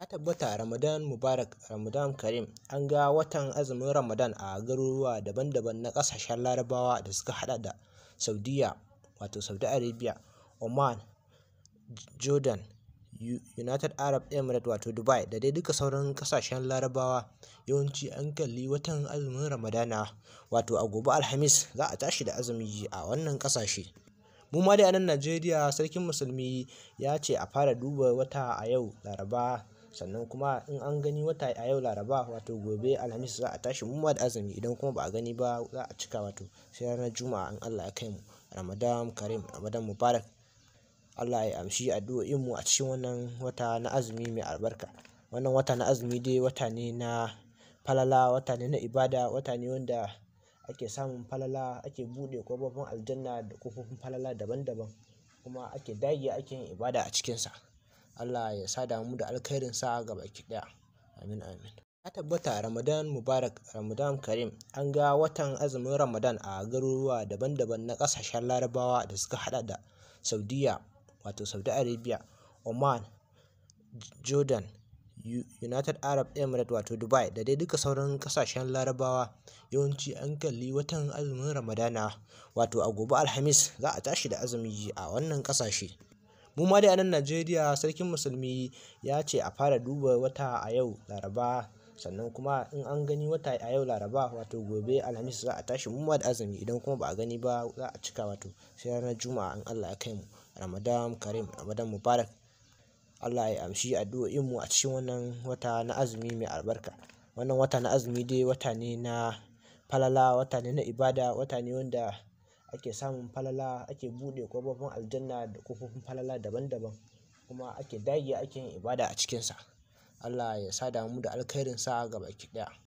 Ya tabbata Ramadan Mubarak Ramadan Karim an ga watan azumin Ramadan a garuruwa daban-daban na ƙasashen larabawa da suka hada da Saudiya wato Saudi Arabia, Oman, Jordan, United Arab Emirates wato Dubai da dai duka sauran ƙasashen larabawa yawanci an kalli watan azumin Ramadana wato a gobe Alhamis za a tashi da azumi a wannan ƙasashe. mu ma dai a nan Najeriya sarkin musulmi ya ce a fara duba wata a yau Laraba sannan kuma in an gani wata a yau laraba wato gobe alhamis za a tashi mu da azumi idan kuma ba a gani ba za a cika wato sai ranar juma'a in allah ya kai mu ramadan karim ramadan mubarak allah ya amshi addu'o'in mu a cikin wannan wata na azumi mai albarka wannan wata na azumi dai wata ne na falala wata ne na ibada wata ne wanda ake samun falala ake buɗe kofofin aljanna da kofofin falala daban-daban kuma ake dage ake yin ibada a cikinsa Allah ya sa damu da sa ga baki daya amin amin ya tabbata ramadan mubarak ramadan karim an ga watan azumin ramadan a garuruwa daban-daban na ƙasashen larabawa da suka hada da saudiya wato saudi arabia oman jordan united arab emirates wato dubai da dai duka sauran kasashen larabawa yawanci an kalli watan azumin ramadana wato a gobe alhamis za a tashi da azumi a wannan kasashe Mu ma dai a nan Najeriya sarkin musulmi ya ce a fara duba wata a yau Laraba sannan kuma in an gani wata a yau Laraba wato gobe Alhamis za a tashi mu ma da azumi idan kuma ba a gani ba za a cika wato sai ranar Juma'a in Allah ya kai mu. Ramadan karim Ramadan Mubarak. Allah ya amshi addu'o'in mu a cikin wannan wata na azumi mai albarka. Wannan wata na azumi dai wata ne na falala, wata ne na ibada, wata ne wanda ake samun falala ake buɗe ƙofofin aljanna da ƙofofin falala daban daban kuma ake dage ake yin ibada a cikinsa. Allah ya sada mu da alkhairinsa baki ɗaya.